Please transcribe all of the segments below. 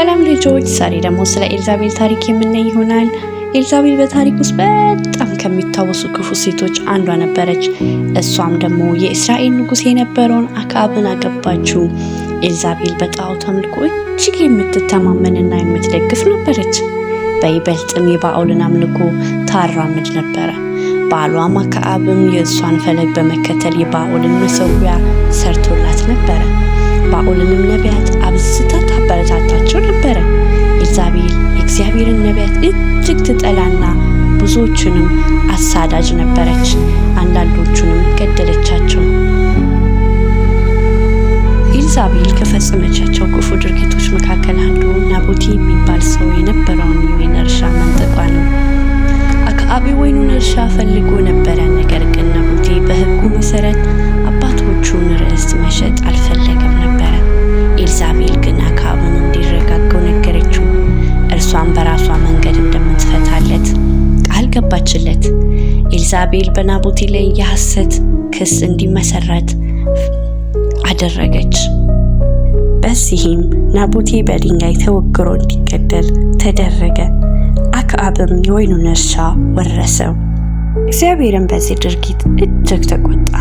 ሰላም ልጆች፣ ዛሬ ደግሞ ስለ ኤልዛቤል ታሪክ የምናይ ይሆናል። ኤልዛቤል በታሪክ ውስጥ በጣም ከሚታወሱ ክፉ ሴቶች አንዷ ነበረች። እሷም ደግሞ የእስራኤል ንጉሥ የነበረውን አክዓብን አገባችው። ኤልዛቤል በጣዖት አምልኮ እጅግ የምትተማመንና የምትደግፍ ነበረች። በይበልጥም የባዕልን አምልኮ ታራምድ ነበረ። ባሏም አክዓብም የእሷን ፈለግ በመከተል የባዕልን መሰዊያ ሰርቶላት ነበረ። የባኦልንም ነቢያት አብዝታ ታበረታታቸው ነበረ። ኤልዛቤል የእግዚአብሔርን ነቢያት እጅግ ትጠላና ብዙዎቹንም አሳዳጅ ነበረች። አንዳንዶቹንም ገደለቻቸው። ኤልዛቤል ከፈጸመቻቸው ክፉ ድርጊቶች መካከል አንዱ ናቡቴ የሚባል ሰው የነበረውን የወይን እርሻ መንጠቋ ነው። አካባቢ ወይኑን እርሻ ፈል ተገባችለት ኤልዛቤል በናቡቴ ላይ የሐሰት ክስ እንዲመሰረት አደረገች። በዚህም ናቡቴ በድንጋይ ተወግሮ እንዲገደል ተደረገ። አክአብም የወይኑን እርሻ ወረሰው። እግዚአብሔርም በዚህ ድርጊት እጅግ ተቆጣ።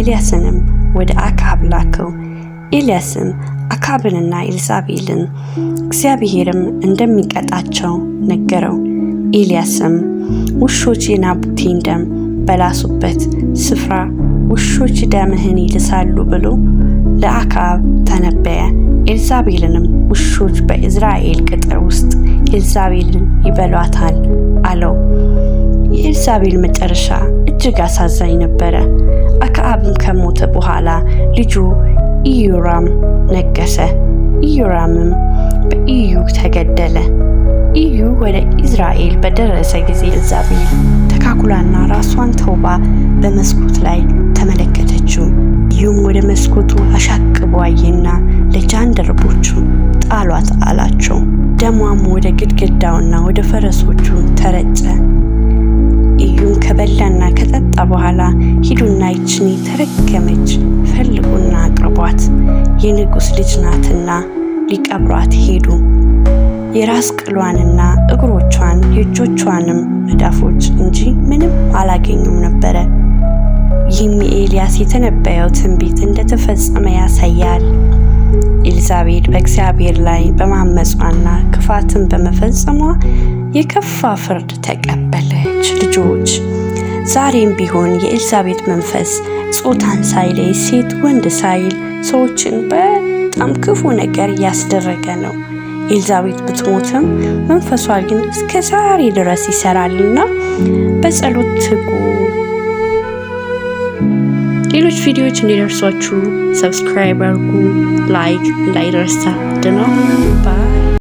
ኤልያስንም ወደ አክዓብ ላከው። ኤልያስም አክዓብንና ኤልዛቤልን እግዚአብሔርም እንደሚቀጣቸው ነገረው። ኤልያስም ውሾች የናቡቴን ደም በላሱበት ስፍራ ውሾች ደምህን ይልሳሉ ብሎ ለአካብ ተነበየ። ኤልዛቤልንም ውሾች በእዝራኤል ቅጥር ውስጥ ኤልዛቤልን ይበሏታል አለው። የኤልዛቤል መጨረሻ እጅግ አሳዛኝ ነበረ። አክአብም ከሞተ በኋላ ልጁ ኢዮራም ነገሰ። ኢዮራምም በኢዩ ተገደለ። ኢዩ ወደ ኢዝራኤል በደረሰ ጊዜ ኤልዛቤል ተካኩላና ራሷን ተውባ በመስኮት ላይ ተመለከተችው። ይሁም ወደ መስኮቱ አሻቅቦ አየና ለጃንደረቦቹ ጣሏት አላቸው። ደሟም ወደ ግድግዳውና ወደ ፈረሶቹ ተረጨ። እዩም ከበላና ከጠጣ በኋላ ሂዱና ይችኔ ተረገመች ፈልጉና አቅርቧት፣ የንጉሥ ልጅ ናትና ሊቀብሯት ሄዱ። የራስ ቅሏንና እግሮቿን የእጆቿንም መዳፎች እንጂ ምንም አላገኙም ነበረ። ይህም የኤልያስ የተነበየው ትንቢት እንደተፈጸመ ያሳያል። ኤልዛቤል በእግዚአብሔር ላይ በማመጿና ክፋትን በመፈጸሟ የከፋ ፍርድ ተቀበለች። ልጆች ዛሬም ቢሆን የኤልዛቤት መንፈስ ጾታን ሳይለይ ሴት ወንድ ሳይል ሰዎችን በጣም ክፉ ነገር እያስደረገ ነው። ኤልዛቤት ብትሞትም መንፈሷ ግን እስከ ዛሬ ድረስ ይሰራልና በጸሎት ትጉ። ሌሎች ቪዲዮዎች እንዲደርሷችሁ ሰብስክራይብ አርጉ። ላይክ እንዳይደርሳ ድነው